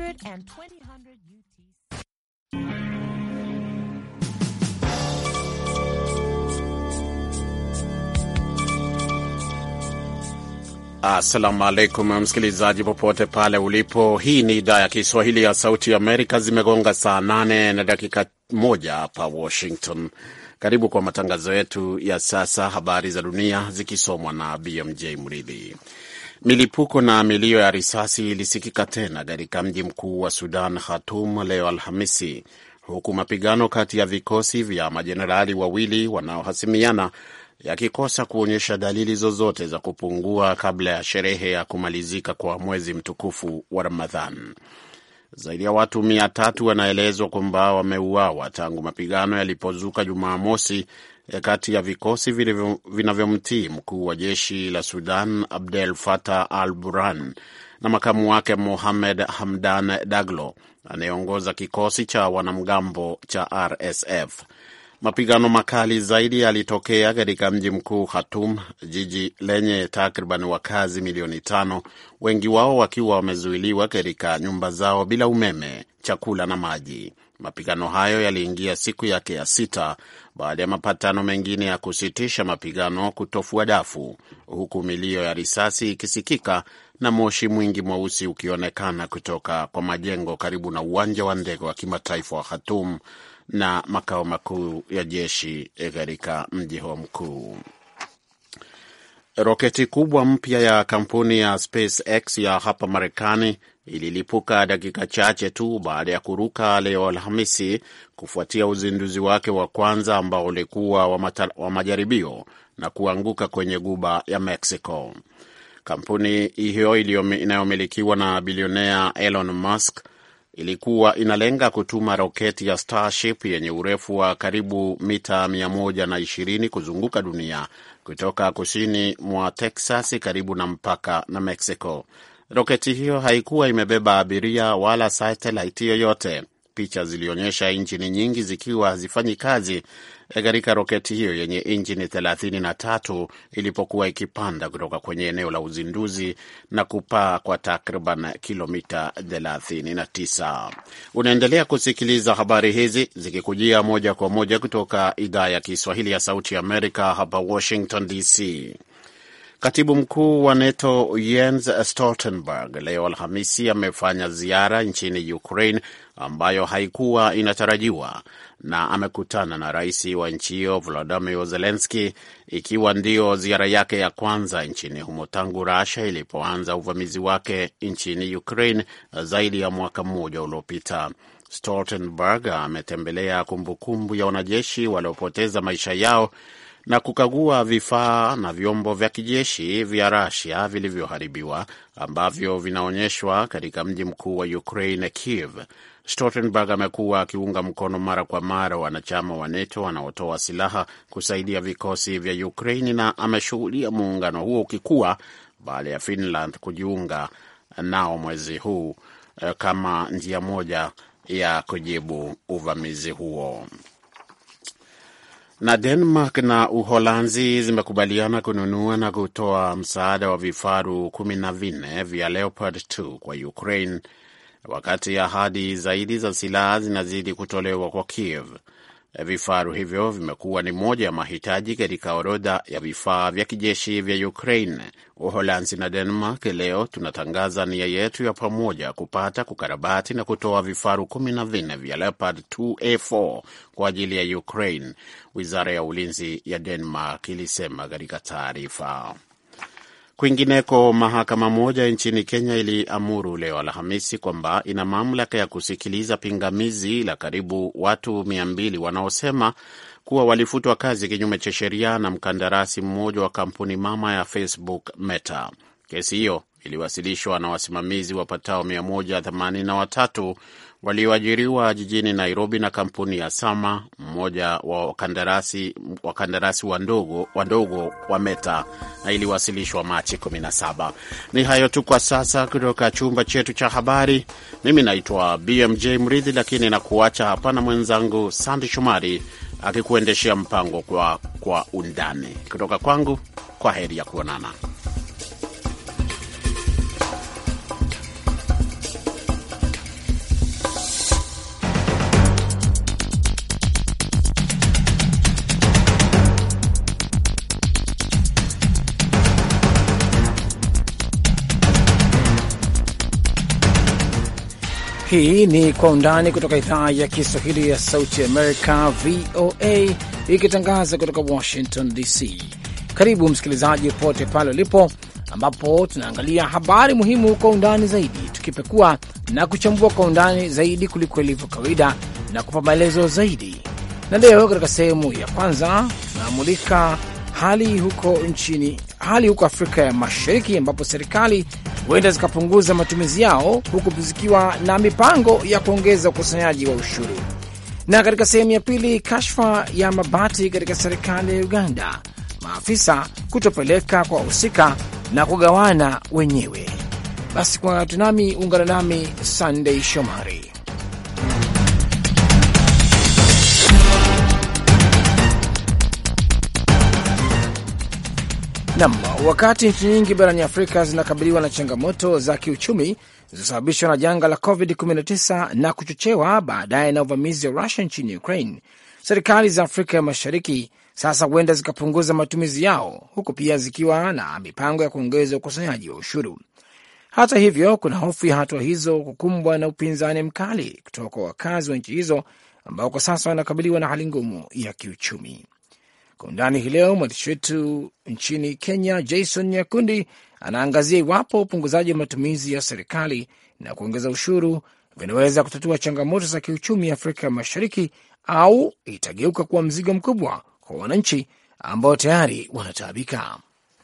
120 UTC. Assalamu alaikum, msikilizaji popote pale ulipo. Hii ni idhaa ya Kiswahili ya Sauti ya Amerika. Zimegonga saa nane na dakika moja hapa Washington. Karibu kwa matangazo yetu ya sasa. Habari za dunia zikisomwa na BMJ Mridhi. Milipuko na milio ya risasi ilisikika tena katika mji mkuu wa Sudan, Khartoum, leo Alhamisi, huku mapigano kati ya vikosi vya majenerali wawili wanaohasimiana yakikosa kuonyesha dalili zozote za kupungua kabla ya sherehe ya kumalizika kwa mwezi mtukufu wa Ramadhan. Zaidi ya watu mia tatu wanaelezwa kwamba wameuawa tangu mapigano yalipozuka Jumaa mosi kati ya vikosi vinavyomtii mkuu wa jeshi la Sudan Abdel Fattah al Burhan na makamu wake Mohamed Hamdan Daglo anayeongoza kikosi cha wanamgambo cha RSF. Mapigano makali zaidi yalitokea katika mji mkuu Khartoum, jiji lenye takriban wakazi milioni tano, wengi wao wakiwa wamezuiliwa katika nyumba zao bila umeme, chakula na maji. Mapigano hayo yaliingia siku yake ya sita baada ya mapatano mengine ya kusitisha mapigano kutofua dafu, huku milio ya risasi ikisikika na moshi mwingi mweusi ukionekana kutoka kwa majengo karibu na uwanja wa ndege wa kimataifa wa Khartoum na makao makuu ya jeshi katika mji huo mkuu. Roketi kubwa mpya ya kampuni ya SpaceX ya hapa Marekani ililipuka dakika chache tu baada ya kuruka leo Alhamisi kufuatia uzinduzi wake wa kwanza ambao ulikuwa wa, wa majaribio na kuanguka kwenye guba ya Mexico. Kampuni hiyo inayomilikiwa na bilionea Elon Musk ilikuwa inalenga kutuma roketi ya Starship yenye urefu wa karibu mita 120 kuzunguka dunia kutoka kusini mwa Texas karibu na mpaka na Mexico. Roketi hiyo haikuwa imebeba abiria wala satelaiti yoyote. Picha zilionyesha injini nyingi zikiwa hazifanyi kazi e, katika roketi hiyo yenye injini tatu ilipokuwa ikipanda kutoka kwenye eneo la uzinduzi na kupaa kwa takriban kilomita 39. Unaendelea kusikiliza habari hizi zikikujia moja kwa moja kutoka idhaa ya Kiswahili ya Sauti Amerika hapa Washington DC. Katibu mkuu wa NATO Jens Stoltenberg leo Alhamisi amefanya ziara nchini Ukraine ambayo haikuwa inatarajiwa na amekutana na rais wa nchi hiyo Volodymyr Zelensky, ikiwa ndiyo ziara yake ya kwanza nchini humo tangu Russia ilipoanza uvamizi wake nchini Ukraine zaidi ya mwaka mmoja uliopita. Stoltenberg ametembelea kumbukumbu ya wanajeshi waliopoteza maisha yao na kukagua vifaa na vyombo vya kijeshi vya rasia vilivyoharibiwa ambavyo vinaonyeshwa katika mji mkuu wa Ukraine, Kiev. Stoltenberg amekuwa akiunga mkono mara kwa mara wanachama wa NATO wanaotoa silaha kusaidia vikosi vya ukrain na ameshuhudia muungano huo ukikua baada ya Finland kujiunga nao mwezi huu eh, kama njia moja ya kujibu uvamizi huo. Na Denmark na Uholanzi zimekubaliana kununua na kutoa msaada wa vifaru kumi na vinne vya Leopard 2 kwa Ukraine wakati ahadi zaidi za silaha zinazidi kutolewa kwa Kiev. Eh, vifaru hivyo vimekuwa ni moja ya mahitaji katika orodha ya vifaa vya kijeshi vya Ukraine. Uholanzi na Denmark leo tunatangaza nia yetu ya pamoja kupata, kukarabati na kutoa vifaru kumi na vinne vya Leopard 2A4 kwa ajili ya Ukraine, wizara ya ulinzi ya Denmark ilisema katika taarifa. Kwingineko, mahakama moja nchini Kenya iliamuru leo Alhamisi kwamba ina mamlaka ya kusikiliza pingamizi la karibu watu mia mbili wanaosema kuwa walifutwa kazi kinyume cha sheria na mkandarasi mmoja wa kampuni mama ya Facebook Meta. Kesi hiyo iliwasilishwa na wasimamizi wapatao 183 walioajiriwa jijini Nairobi na kampuni ya Sama, mmoja wa wakandarasi wakandarasi wandogo, wandogo wa Meta, na iliwasilishwa Machi 17. Ni hayo tu kwa sasa kutoka chumba chetu cha habari. Mimi naitwa BMJ Mridhi, lakini nakuacha hapa na mwenzangu Sandi shomari akikuendeshea mpango kwa, kwa undani kutoka kwangu. Kwa heri ya kuonana. Hii ni Kwa Undani kutoka idhaa ya Kiswahili ya Sauti Amerika, VOA, ikitangaza kutoka Washington DC. Karibu msikilizaji, popote pale ulipo, ambapo tunaangalia habari muhimu kwa undani zaidi, tukipekua na kuchambua kwa undani zaidi kuliko ilivyo kawaida na kupa maelezo zaidi. Na leo katika sehemu ya kwanza tunamulika hali huko nchini, hali huko Afrika ya Mashariki ambapo serikali huenda zikapunguza matumizi yao, huku zikiwa na mipango ya kuongeza ukusanyaji wa ushuru. Na katika sehemu ya pili, kashfa ya mabati katika serikali ya Uganda, maafisa kutopeleka kwa wahusika na kugawana wenyewe. Basi kwa tunami, ungana nami Sunday Shomari. Nam, wakati nchi nyingi barani Afrika zinakabiliwa na changamoto za kiuchumi zilizosababishwa na janga la COVID-19 na kuchochewa baadaye na uvamizi wa Rusia nchini Ukraine, serikali za Afrika ya Mashariki sasa huenda zikapunguza matumizi yao, huku pia zikiwa na mipango ya kuongeza ukusanyaji wa ushuru. Hata hivyo, kuna hofu ya hatua hizo kukumbwa na upinzani mkali kutoka kwa wakazi wa nchi hizo ambao kwa sasa wanakabiliwa na hali ngumu ya kiuchumi. Kwa undani hii leo, mwandishi wetu nchini Kenya Jason Nyakundi anaangazia iwapo upunguzaji wa matumizi ya serikali na kuongeza ushuru vinaweza kutatua changamoto za kiuchumi Afrika Mashariki au itageuka kuwa mzigo mkubwa kwa wananchi ambao tayari wanataabika.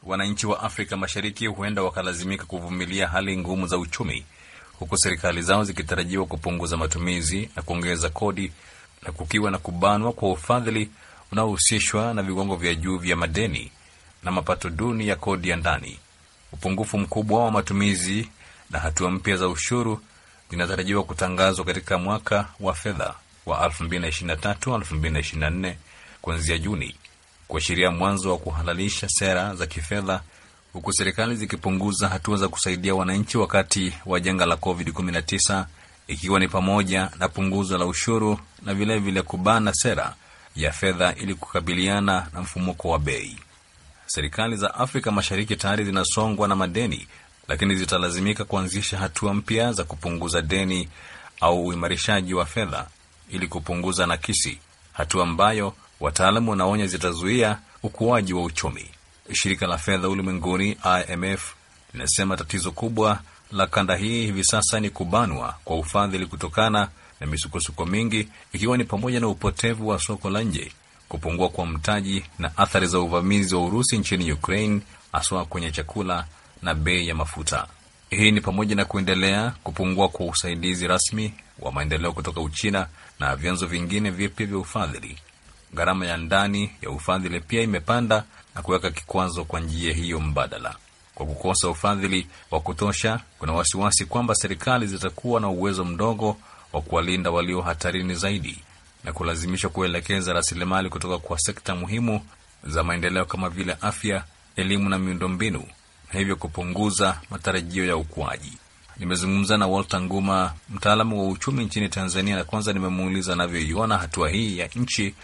Wananchi wa Afrika Mashariki huenda wakalazimika kuvumilia hali ngumu za uchumi, huku serikali zao zikitarajiwa kupunguza matumizi na kuongeza kodi, na kukiwa na kubanwa kwa ufadhili unaohusishwa na viwango vya juu vya madeni na mapato duni ya kodi ya ndani. Upungufu mkubwa wa matumizi na hatua mpya za ushuru zinatarajiwa kutangazwa katika mwaka wa fedha wa 2023-2024 kuanzia Juni, kuashiria mwanzo wa kuhalalisha sera za kifedha, huku serikali zikipunguza hatua za kusaidia wananchi wakati wa janga la COVID-19, ikiwa ni pamoja na punguzo la ushuru na vilevile vile kubana sera ya fedha ili kukabiliana na mfumuko wa bei. Serikali za Afrika Mashariki tayari zinasongwa na madeni, lakini zitalazimika kuanzisha hatua mpya za kupunguza deni au uimarishaji wa fedha ili kupunguza nakisi, hatua ambayo wataalamu wanaonya zitazuia ukuaji wa uchumi. Shirika la fedha ulimwenguni IMF linasema tatizo kubwa la kanda hii hivi sasa ni kubanwa kwa ufadhili kutokana na misukosuko mingi, ikiwa ni pamoja na upotevu wa soko la nje, kupungua kwa mtaji na athari za uvamizi wa Urusi nchini Ukraine, haswa kwenye chakula na bei ya mafuta. Hii ni pamoja na kuendelea kupungua kwa usaidizi rasmi wa maendeleo kutoka Uchina na vyanzo vingine vipya vya ufadhili. Gharama ya ndani ya ufadhili pia imepanda na kuweka kikwazo kwa njia hiyo mbadala. Kwa kukosa ufadhili wa kutosha, kuna wasiwasi kwamba serikali zitakuwa na uwezo mdogo wa kuwalinda walio hatarini zaidi na kulazimishwa kuelekeza rasilimali kutoka kwa sekta muhimu za maendeleo kama vile afya, elimu na miundombinu, na hivyo kupunguza matarajio ya ukuaji. Nimezungumza na Walter Nguma, mtaalamu wa uchumi nchini Tanzania, na kwanza nimemuuliza anavyoiona hatua hii ya nchi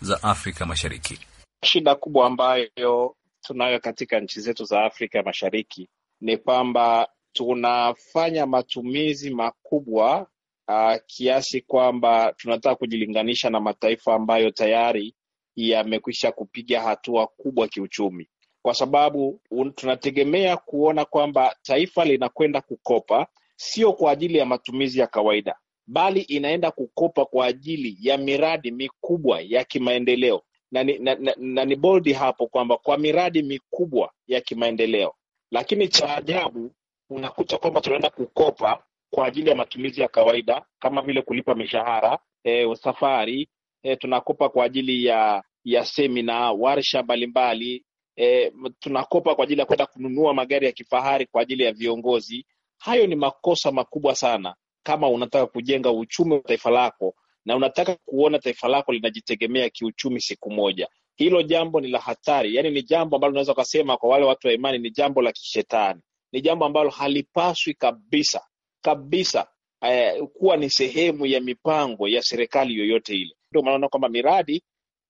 za Afrika Mashariki. Shida kubwa ambayo tunayo katika nchi zetu za Afrika Mashariki ni kwamba tunafanya matumizi makubwa uh, kiasi kwamba tunataka kujilinganisha na mataifa ambayo tayari yamekwisha kupiga hatua kubwa kiuchumi, kwa sababu un, tunategemea kuona kwamba taifa linakwenda kukopa sio kwa ajili ya matumizi ya kawaida, bali inaenda kukopa kwa ajili ya miradi mikubwa ya kimaendeleo na ni, na, na, na ni boldi hapo kwamba kwa miradi mikubwa ya kimaendeleo, lakini cha ajabu unakuta kwamba tunaenda kukopa kwa ajili ya matumizi ya kawaida kama vile kulipa mishahara, e, eh, safari e, eh, tunakopa kwa ajili ya ya semina, warsha mbalimbali e, tunakopa kwa ajili ya kwenda kununua magari ya kifahari kwa ajili ya viongozi. Hayo ni makosa makubwa sana kama unataka kujenga uchumi wa taifa lako na unataka kuona taifa lako linajitegemea kiuchumi siku moja. Hilo jambo ni la hatari, yaani ni jambo ambalo unaweza ukasema kwa wale watu wa imani ni jambo la kishetani, ni jambo ambalo halipaswi kabisa kabisa eh, kuwa ni sehemu ya mipango ya serikali yoyote ile. Ndio maana kwamba miradi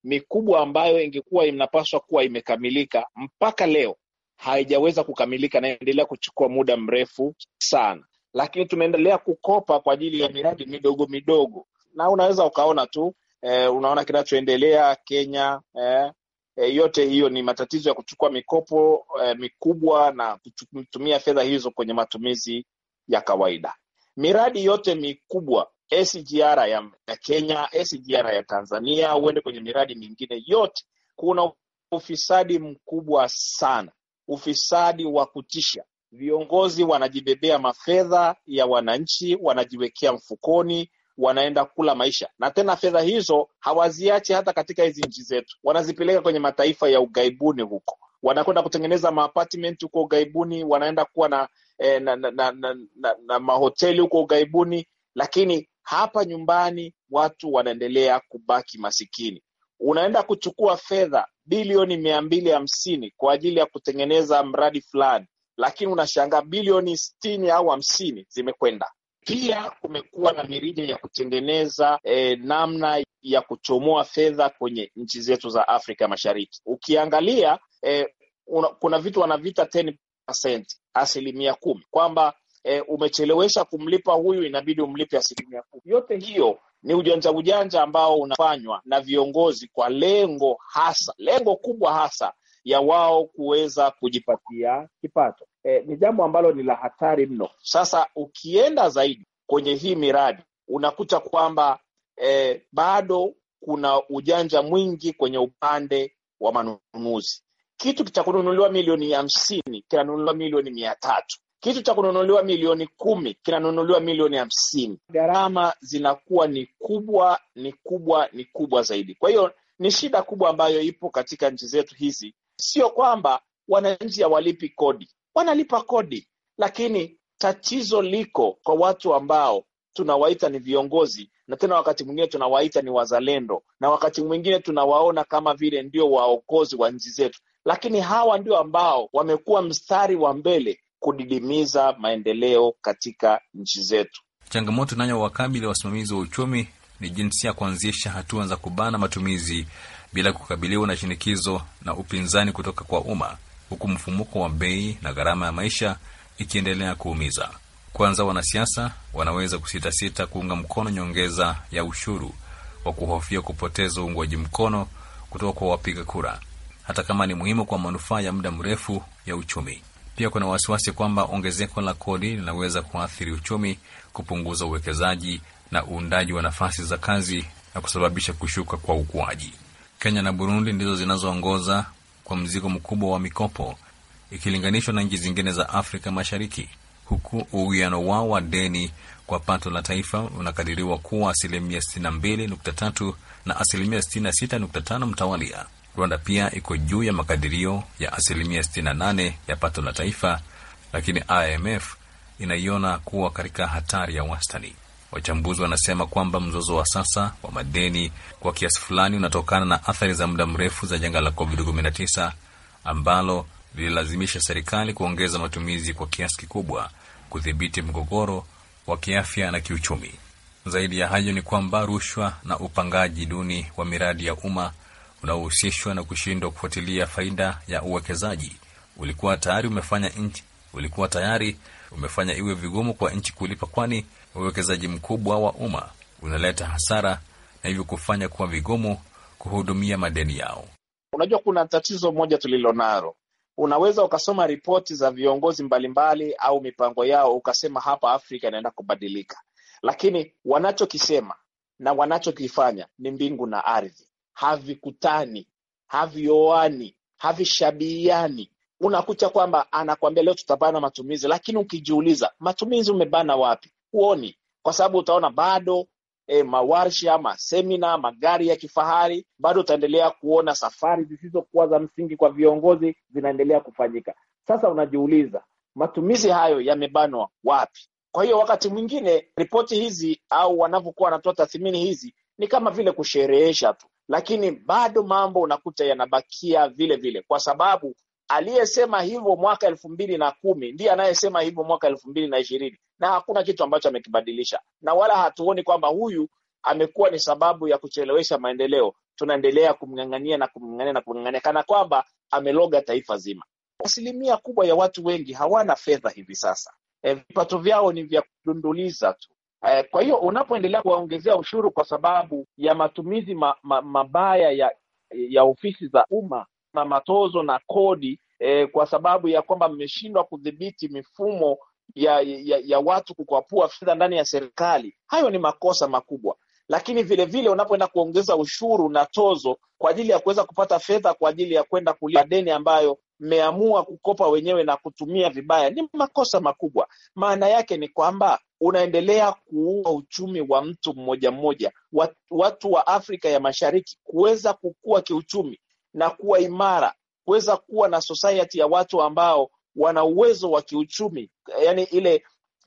mikubwa ambayo ingekuwa inapaswa kuwa imekamilika mpaka leo haijaweza kukamilika, naendelea kuchukua muda mrefu sana, lakini tumeendelea kukopa kwa ajili ya miradi midogo midogo, na unaweza ukaona tu eh, unaona kinachoendelea Kenya eh, E, yote hiyo ni matatizo ya kuchukua mikopo e, mikubwa na kutumia fedha hizo kwenye matumizi ya kawaida. Miradi yote mikubwa SGR ya, ya Kenya, SGR ya Tanzania, uende kwenye miradi mingine yote, kuna ufisadi mkubwa sana, ufisadi wa kutisha. Viongozi wanajibebea mafedha ya wananchi, wanajiwekea mfukoni, wanaenda kula maisha. Na tena fedha hizo hawaziachi hata katika hizi nchi zetu, wanazipeleka kwenye mataifa ya ugaibuni huko wanakwenda kutengeneza maapartment huko ughaibuni, wanaenda kuwa na, eh, na, na, na, na, na, na mahoteli huko ughaibuni, lakini hapa nyumbani watu wanaendelea kubaki masikini. Unaenda kuchukua fedha bilioni mia mbili hamsini kwa ajili ya kutengeneza mradi fulani, lakini unashangaa bilioni sitini au hamsini zimekwenda pia kumekuwa na mirija ya kutengeneza eh, namna ya kuchomoa fedha kwenye nchi zetu za Afrika Mashariki. Ukiangalia eh, una, kuna vitu wanavita 10%, asilimia kumi kwamba eh, umechelewesha kumlipa huyu, inabidi umlipe asilimia kumi. Yote hiyo ni ujanja ujanja ambao unafanywa na viongozi kwa lengo hasa, lengo kubwa hasa ya wao kuweza kujipatia kipato eh, ni jambo ambalo ni la hatari mno. Sasa ukienda zaidi kwenye hii miradi unakuta kwamba eh, bado kuna ujanja mwingi kwenye upande wa manunuzi. Kitu cha kununuliwa milioni hamsini kinanunuliwa milioni mia tatu kitu cha kununuliwa milioni kumi kinanunuliwa milioni hamsini. Gharama zinakuwa ni kubwa ni kubwa ni kubwa zaidi. Kwa hiyo ni shida kubwa ambayo ipo katika nchi zetu hizi, sio kwamba wananchi hawalipi kodi, wanalipa kodi, lakini tatizo liko kwa watu ambao tunawaita ni viongozi, na tena wakati mwingine tunawaita ni wazalendo, na wakati mwingine tunawaona kama vile ndio waokozi wa nchi zetu, lakini hawa ndio ambao wamekuwa mstari wa mbele kudidimiza maendeleo katika nchi zetu. Changamoto inayowakabili wasimamizi wa uchumi ni jinsi ya kuanzisha hatua za kubana matumizi bila kukabiliwa na shinikizo na upinzani kutoka kwa umma huku mfumuko wa bei na gharama ya maisha ikiendelea kuumiza. Kwanza, wanasiasa wanaweza kusitasita kuunga mkono nyongeza ya ushuru wa kuhofia kupoteza uungwaji mkono kutoka kwa wapiga kura, hata kama ni muhimu kwa manufaa ya muda mrefu ya uchumi. Pia kuna wasiwasi kwamba ongezeko la kodi linaweza kuathiri uchumi, kupunguza uwekezaji na uundaji wa nafasi za kazi na kusababisha kushuka kwa ukuaji. Kenya na Burundi ndizo zinazoongoza kwa mzigo mkubwa wa mikopo ikilinganishwa na nchi zingine za Afrika Mashariki, huku uwiano wao wa deni kwa pato la taifa unakadiriwa kuwa asilimia 62.3 na asilimia 66.5 mtawalia. Rwanda pia iko juu ya makadirio ya asilimia 68 ya pato la taifa, lakini IMF inaiona kuwa katika hatari ya wastani. Wachambuzi wanasema kwamba mzozo wa sasa wa madeni kwa kiasi fulani unatokana na athari za muda mrefu za janga la COVID-19 ambalo lililazimisha serikali kuongeza matumizi kwa kiasi kikubwa kudhibiti mgogoro wa kiafya na kiuchumi. Zaidi ya hayo ni kwamba rushwa na upangaji duni wa miradi ya umma unaohusishwa na kushindwa kufuatilia faida ya uwekezaji ulikuwa tayari umefanya nchi ulikuwa tayari umefanya iwe vigumu kwa nchi kulipa, kwani uwekezaji mkubwa wa umma unaleta hasara na hivyo kufanya kuwa vigumu kuhudumia madeni yao. Unajua, kuna tatizo moja tulilonalo. Unaweza ukasoma ripoti za viongozi mbalimbali mbali, au mipango yao ukasema hapa Afrika inaenda kubadilika, lakini wanachokisema na wanachokifanya ni mbingu na ardhi, havikutani, havioani, havishabihiani. Unakuta kwamba anakuambia leo tutabana matumizi, lakini ukijiuliza matumizi umebana wapi? huoni, kwa sababu utaona bado e, mawarsha masemina, magari ya kifahari bado utaendelea kuona safari zisizokuwa za msingi kwa viongozi zinaendelea kufanyika. Sasa unajiuliza matumizi hayo yamebanwa wapi? Kwa hiyo wakati mwingine ripoti hizi au wanavyokuwa wanatoa tathmini hizi ni kama vile kusherehesha tu, lakini bado mambo unakuta yanabakia vile vile, kwa sababu Aliyesema hivyo mwaka elfu mbili na kumi ndiye anayesema hivyo mwaka elfu mbili na ishirini na hakuna kitu ambacho amekibadilisha, na wala hatuoni kwamba huyu amekuwa ni sababu ya kuchelewesha maendeleo. Tunaendelea kumng'ang'ania na kumng'ang'ania na kumng'ang'ania kana kwamba ameloga taifa zima. Asilimia kubwa ya watu wengi hawana fedha hivi sasa, eh, vipato e, vyao ni vya kudunduliza tu. E, kwa hiyo unapoendelea kuwaongezea ushuru kwa sababu ya matumizi ma, ma, mabaya ya ya ofisi za umma na matozo na kodi eh, kwa sababu ya kwamba mmeshindwa kudhibiti mifumo ya, ya, ya watu kukwapua fedha ndani ya serikali. Hayo ni makosa makubwa, lakini vilevile unapoenda kuongeza ushuru na tozo kwa ajili ya kuweza kupata fedha kwa ajili ya kwenda kulipa deni ambayo mmeamua kukopa wenyewe na kutumia vibaya, ni makosa makubwa. Maana yake ni kwamba unaendelea kuua uchumi wa mtu mmoja mmoja, watu wa Afrika ya Mashariki kuweza kukua kiuchumi na kuwa imara, kuweza kuwa na society ya watu ambao wana uwezo wa kiuchumi, yani ile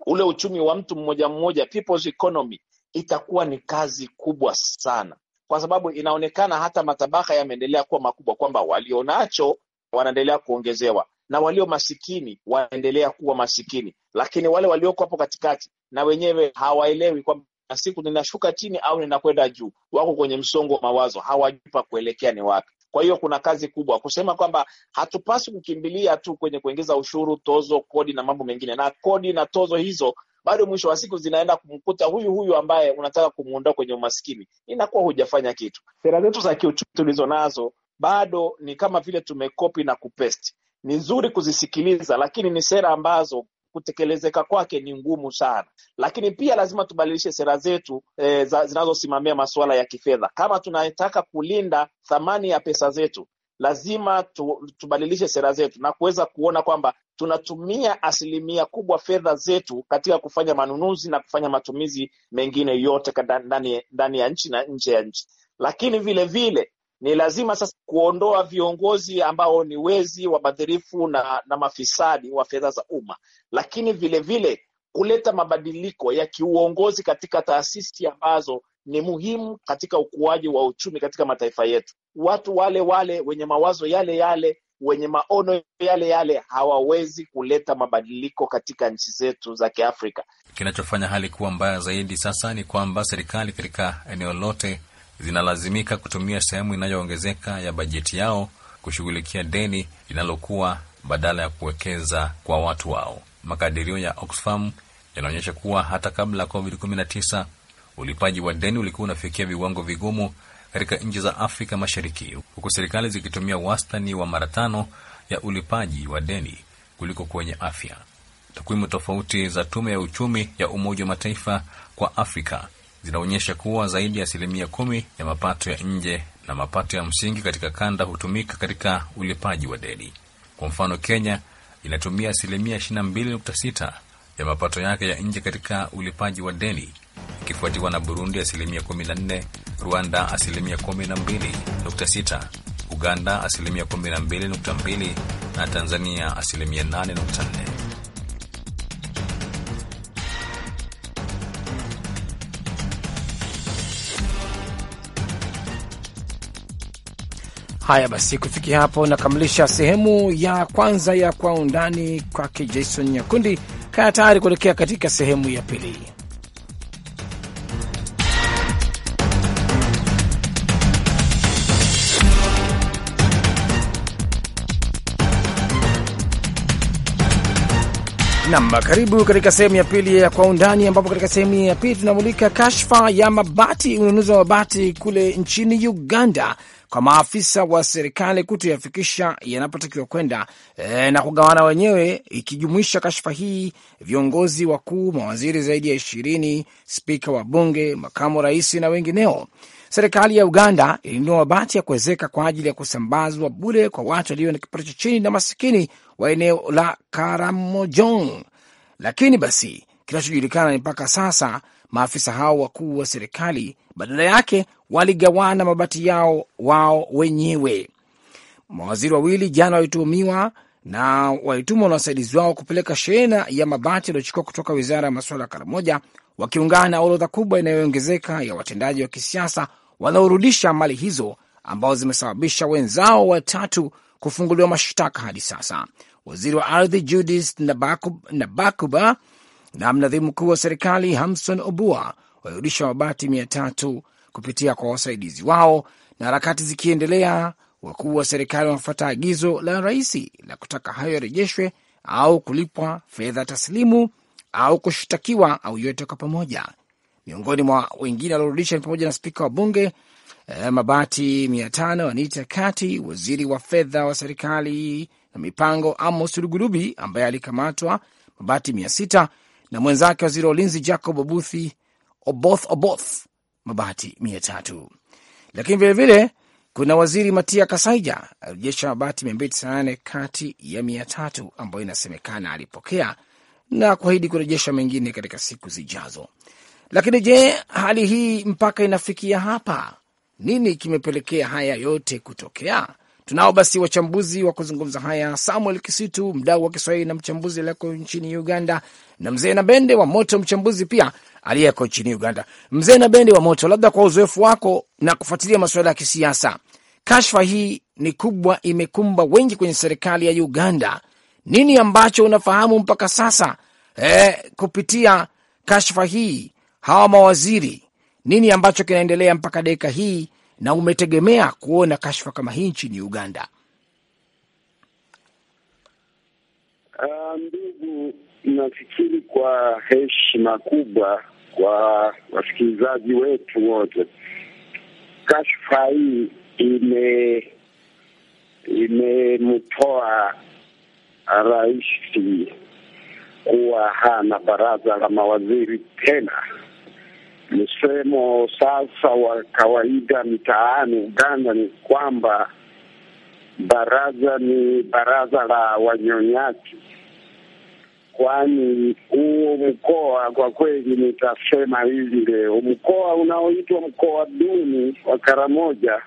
ule uchumi wa mtu mmoja mmoja, people's economy, itakuwa ni kazi kubwa sana, kwa sababu inaonekana hata matabaka yameendelea kuwa makubwa, kwamba walionacho wanaendelea kuongezewa na walio masikini wanaendelea kuwa masikini, lakini wale walioko hapo katikati na wenyewe hawaelewi kwamba siku ninashuka chini au ninakwenda juu. Wako kwenye msongo wa mawazo, hawajui pa kuelekea ni wapi. Kwa hiyo kuna kazi kubwa kusema kwamba hatupaswi kukimbilia tu kwenye kuingiza ushuru, tozo, kodi na mambo mengine, na kodi na tozo hizo bado mwisho wa siku zinaenda kumkuta huyu huyu ambaye unataka kumuondoa kwenye umaskini. Inakuwa hujafanya kitu. Sera zetu za kiuchumi tulizo nazo bado ni kama vile tumekopi na kupesti. Ni nzuri kuzisikiliza, lakini ni sera ambazo kutekelezeka kwake ni ngumu sana. Lakini pia lazima tubadilishe sera zetu e, zinazosimamia masuala ya kifedha. Kama tunataka kulinda thamani ya pesa zetu, lazima tu, tubadilishe sera zetu na kuweza kuona kwamba tunatumia asilimia kubwa fedha zetu katika kufanya manunuzi na kufanya matumizi mengine yote ndani ya nchi na nje ya nchi. Lakini vilevile ni lazima sasa kuondoa viongozi ambao ni wezi, wabadhirifu na, na mafisadi wa fedha za umma, lakini vilevile vile, kuleta mabadiliko ya kiuongozi katika taasisi ambazo ni muhimu katika ukuaji wa uchumi katika mataifa yetu. Watu wale wale wenye mawazo yale yale wenye maono yale yale hawawezi kuleta mabadiliko katika nchi zetu za Kiafrika. Kinachofanya hali kuwa mbaya zaidi sasa ni kwamba serikali katika eneo lote zinalazimika kutumia sehemu inayoongezeka ya bajeti yao kushughulikia deni linalokuwa badala ya kuwekeza kwa watu wao. Makadirio ya Oxfam yanaonyesha kuwa hata kabla ya COVID-19 ulipaji wa deni ulikuwa unafikia viwango vigumu katika nchi za Afrika Mashariki, huku serikali zikitumia wastani wa mara tano ya ulipaji wa deni kuliko kwenye afya. Takwimu tofauti za Tume ya Uchumi ya Umoja wa Mataifa kwa Afrika zinaonyesha kuwa zaidi ya asilimia kumi ya mapato ya nje na mapato ya msingi katika kanda hutumika katika ulipaji wa deni. Kwa mfano, Kenya inatumia asilimia 22.6 ya mapato yake ya nje katika ulipaji wa deni, ikifuatiwa na Burundi asilimia 14, Rwanda asilimia 12.6, Uganda asilimia 12.2 na Tanzania asilimia 8.4. Haya basi, kufikia hapo nakamilisha sehemu ya kwanza ya Kwa Undani kwake Jason Nyakundi. kaya tayari kuelekea katika sehemu ya pili. Nam, karibu katika sehemu ya pili ya Kwa Undani, ambapo katika sehemu ya pili tunamulika kashfa ya mabati, ununuzi wa mabati kule nchini Uganda kwa maafisa wa serikali kutoyafikisha yanapotakiwa kwenda e, na kugawana wenyewe. Ikijumuisha kashfa hii, viongozi wakuu, mawaziri zaidi ya ishirini, spika wa bunge, makamu rais na wengineo. Serikali ya Uganda ilinunua mabati ya kuwezeka kwa ajili ya kusambazwa bure kwa watu walio na kipato cha chini na masikini wa eneo la Karamojong, lakini basi kinachojulikana ni mpaka sasa maafisa hao wakuu wa serikali badala yake waligawana mabati yao wao wenyewe. Mawaziri wawili jana walituhumiwa na walitumwa na wasaidizi wao kupeleka shehena ya mabati yaliyochukua kutoka wizara ya masuala ya Karamoja, wakiungana na orodha kubwa inayoongezeka ya watendaji wa kisiasa wanaorudisha mali hizo ambazo zimesababisha wenzao watatu kufunguliwa mashtaka hadi sasa. Waziri wa ardhi Judith Nabakuba, Nabakuba na mnadhimu mkuu wa serikali Hamson Obua walirudisha mabati mia tatu kupitia kwa wasaidizi wao, na harakati zikiendelea, wakuu wa serikali wanafuata agizo la raisi la kutaka hayo yarejeshwe au kulipwa fedha taslimu au kushtakiwa au yote kwa pamoja. Miongoni mwa wengine waliorudisha ni pamoja na spika wa bunge eh, Mabati mia tano, Anita Kati, waziri wa fedha wa serikali na mipango Amos Rugurubi ambaye alikamatwa, Mabati mia sita na mwenzake waziri wa ulinzi Jacob Obuthi Oboth Oboth, Mabati mia tatu. Lakini vilevile kuna waziri Matia Kasaija alirejesha Mabati mia mbili tisini na nane kati ya mia tatu ambayo inasemekana alipokea na kuahidi kurejesha mengine katika siku zijazo. Lakini je, hali hii mpaka inafikia hapa, nini kimepelekea haya yote kutokea? Tunao basi wachambuzi wa kuzungumza haya, Samuel Kisitu, mdau wa Kiswahili na mchambuzi aliyeko nchini Uganda, na Mzee Nabende wa Moto, mchambuzi pia aliyeko nchini Uganda. Mzee Nabende wa Moto, labda kwa uzoefu wako na kufuatilia masuala ya kisiasa, kashfa hii ni kubwa, imekumba wengi kwenye serikali ya Uganda. Nini ambacho unafahamu mpaka sasa, eh, kupitia kashfa hii hawa mawaziri, nini ambacho kinaendelea mpaka dakika hii, na umetegemea kuona kashfa kama hii nchini Uganda? Ah, ndugu uh, nafikiri kwa heshima kubwa kwa wasikilizaji wetu wote, kashfa hii ime imemtoa rais kuwa hana baraza la mawaziri tena msemo sasa wa kawaida mitaani Uganda ni kwamba baraza ni baraza la wanyonyaji, kwani huo mkoa kwa kweli, nitasema hivi leo, mkoa unaoitwa mkoa duni wa Karamoja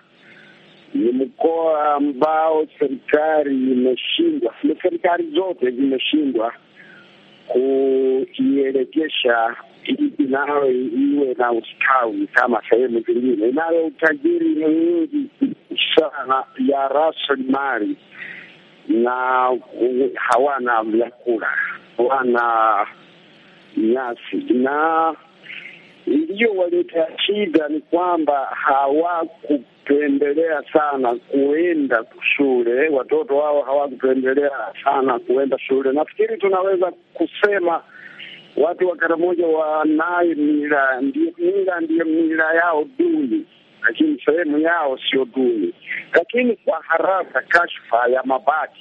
ni mkoa ambao serikali imeshindwa, serikali zote zimeshindwa kuielekesha jiji nayo iwe na ustawi kama sehemu zingine. Inayo utajiri mwingi sana ya rasilimali na hawana vyakula, hawana nyasi, na waletea shida ni kwamba hawakupendelea sana kuenda shule. Watoto wao hawakupendelea sana kuenda shule. Nafikiri tunaweza kusema watu wa Karamoja wanayo mila, mila ndiyo mila yao duni, lakini sehemu yao sio duni. Lakini kwa haraka, kashfa ya mabati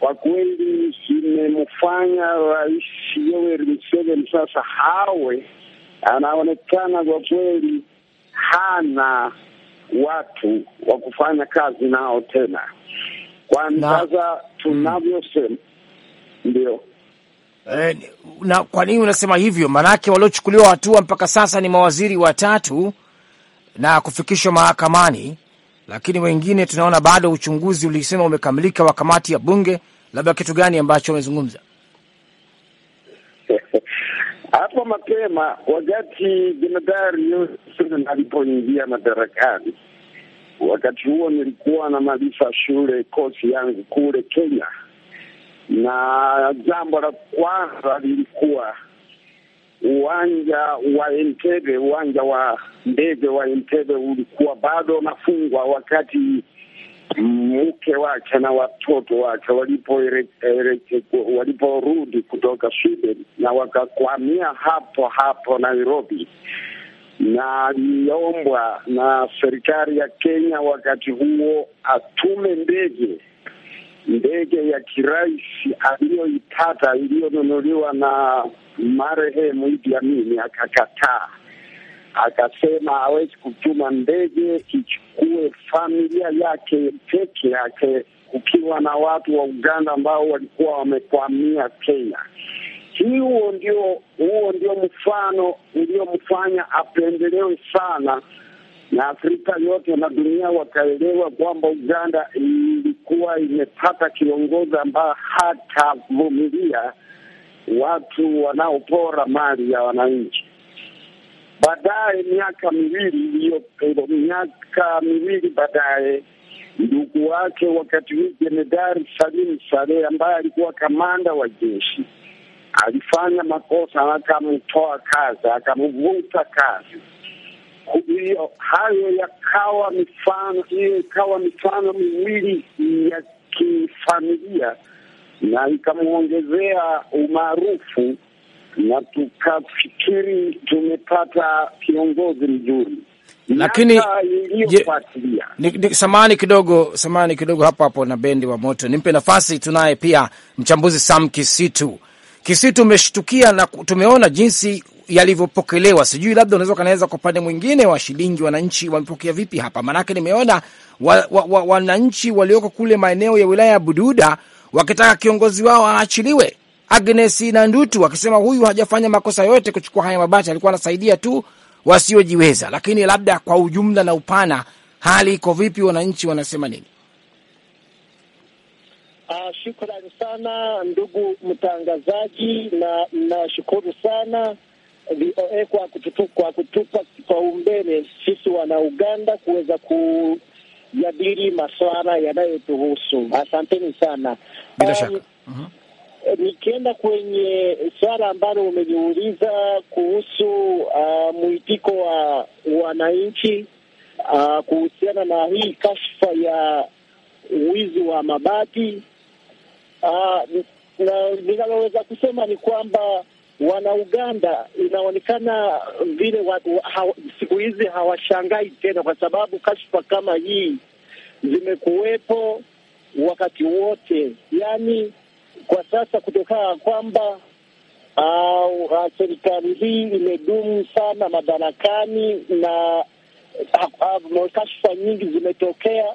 kwa kweli imemfanya Rais Yoweri Museveni sasa hawe anaonekana kwa kweli hana watu wa kufanya kazi nao tena, kwani sasa mm. tunavyosema, ndio eh, na kwa nini unasema hivyo? Maanake waliochukuliwa hatua mpaka sasa ni mawaziri watatu na kufikishwa mahakamani, lakini wengine tunaona bado uchunguzi ulisema umekamilika wa kamati ya Bunge. Labda kitu gani ambacho wamezungumza hapo mapema, wakati jemadari Yusuf alipoingia madarakani? Wakati huo nilikuwa namaliza shule kosi yangu kule Kenya na jambo la kwanza lilikuwa uwanja wa Entebbe, uwanja wa ndege wa Entebbe ulikuwa bado unafungwa wakati mke wake na watoto wake waliporudi kutoka Sweden na wakakwamia hapo hapo Nairobi, na aliombwa na serikali ya Kenya wakati huo atume ndege ndege ya kiraisi aliyoipata iliyonunuliwa na marehemu Idi Amin, akakataa, akasema hawezi kutuma ndege ichukue familia yake peke yake, kukiwa na watu wa Uganda ambao walikuwa wamekwamia Kenya. Hii huo ndio huo ndio mfano uliomfanya apendelewe sana na Afrika yote na dunia wakaelewa kwamba Uganda ilikuwa imepata kiongozi ambaye hatavumilia watu wanaopora mali ya wananchi. Baadaye miaka miwili hiyo, miaka miwili baadaye, ndugu wake wakati huu Jenerali Salim Saleh ambaye alikuwa kamanda wa jeshi alifanya makosa, akamtoa kazi, akamvuta kazi hiyo hayo yakawa mifano, hiyo ikawa mifano miwili ya kifamilia na ikamwongezea umaarufu, na tukafikiri tumepata kiongozi mzuri. Lakini samani kidogo, samani kidogo hapo hapo, na bendi wa moto, nimpe nafasi. Tunaye pia mchambuzi Sam Kisitu. Kisitu, umeshtukia na tumeona jinsi yalivyopokelewa. Sijui labda unaweza kanaweza kwa upande mwingine wa shilingi, wananchi wamepokea vipi hapa? Maanake nimeona wananchi wa, wa, wa, walioko kule maeneo ya wilaya ya Bududa wakitaka kiongozi wao aachiliwe, Agnes Nandutu, wakisema huyu hajafanya makosa yote kuchukua haya mabati, alikuwa anasaidia tu wasiojiweza. Lakini labda kwa ujumla na upana, hali iko vipi? Wananchi wanasema nini? Uh, shukrani sana ndugu mtangazaji, na nashukuru sana VOA kwa kututu, kwa kutupa kipaumbele sisi wana Uganda kuweza kujadili masuala yanayotuhusu. Asanteni sana. Bila um, shaka um, Nikienda kwenye swala ambalo umejiuliza kuhusu uh, mwitiko wa wananchi uh, kuhusiana na hii kashfa ya wizi wa mabati uh, ninaloweza kusema ni kwamba wana Uganda inaonekana vile watu haw, siku hizi hawashangai tena, kwa sababu kashfa kama hii zimekuwepo wakati wote. Yani kwa sasa kutokana na kwamba ah, serikali hii imedumu sana madarakani na ah, ah, kashfa nyingi zimetokea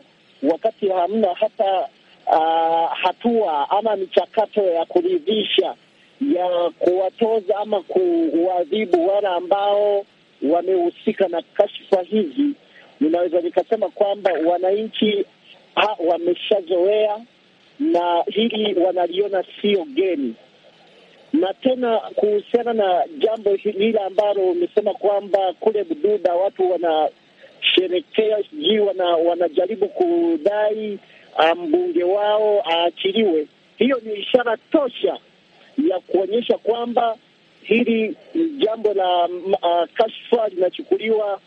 wakati hamna hata uh, hatua ama michakato ya kuridhisha ya kuwatoza ama kuwaadhibu wale ambao wamehusika na kashfa hizi, ninaweza nikasema kwamba wananchi wameshazoea na hili wanaliona sio geni. Na tena kuhusiana na jambo lile ambalo umesema kwamba kule Bududa watu wanasherekea, sijui wana, wanajaribu kudai ah, mbunge wao aachiliwe, hiyo ni ishara tosha ya kuonyesha kwamba hili jambo la uh, kashfa linachukuliwa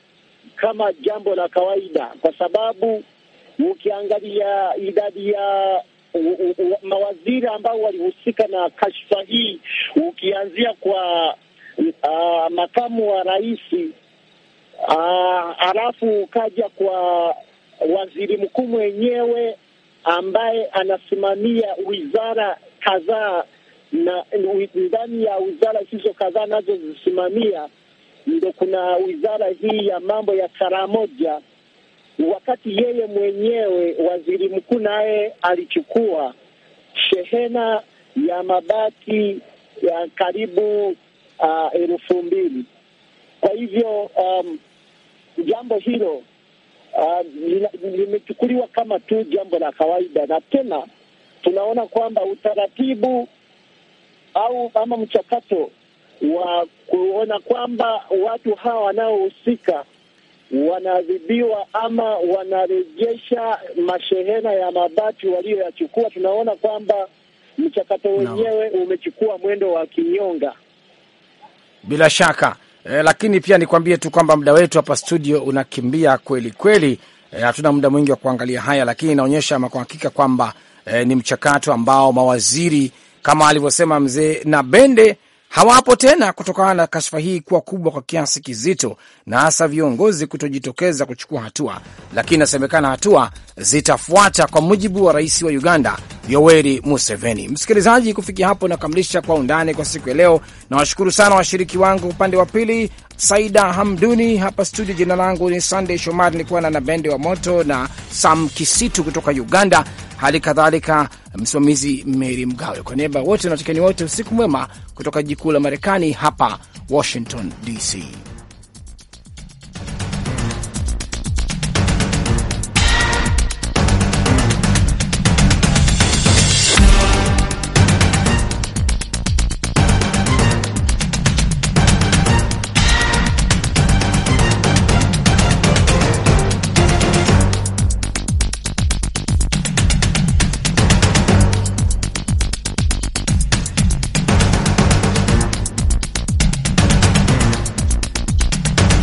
kama jambo la kawaida, kwa sababu ukiangalia idadi ya mawaziri ambao walihusika na kashfa hii, ukianzia kwa uh, makamu wa rais halafu uh, alafu ukaja kwa waziri mkuu mwenyewe ambaye anasimamia wizara kadhaa na ndani ya wizara hizo kadhaa nazozisimamia, ndo kuna wizara hii ya mambo ya Karamoja, wakati yeye mwenyewe waziri mkuu naye alichukua shehena ya mabati ya karibu uh, elfu mbili. Kwa hivyo um, jambo hilo uh, limechukuliwa kama tu jambo la kawaida, na tena tunaona kwamba utaratibu au ama mchakato wa kuona kwamba watu hawa wanaohusika wanaadhibiwa ama wanarejesha mashehena ya mabati waliyoyachukua. Tunaona kwamba mchakato wenyewe no. umechukua mwendo wa kinyonga bila shaka eh, lakini pia nikwambie tu kwamba muda wetu hapa studio unakimbia kweli kweli. Eh, hatuna eh, muda mwingi wa kuangalia haya, lakini inaonyesha kwa hakika kwamba eh, ni mchakato ambao mawaziri kama alivyosema mzee na Bende, hawapo tena kutokana na kashfa hii kuwa kubwa kwa kiasi kizito, na hasa viongozi kutojitokeza kuchukua hatua. Lakini inasemekana hatua zitafuata kwa mujibu wa rais wa Uganda Yoweri Museveni. Msikilizaji, kufikia hapo nakamilisha kwa undani kwa siku ya leo, na washukuru sana washiriki wangu upande wa pili, Saida Hamduni hapa studio. Jina langu ni sandey Shomari, nilikuwa na Nabende wa Moto na Sam Kisitu kutoka Uganda hali kadhalika msimamizi Meri Mgawe. Kwa niaba wote, natakieni wote usiku mwema kutoka jikuu la Marekani hapa Washington DC.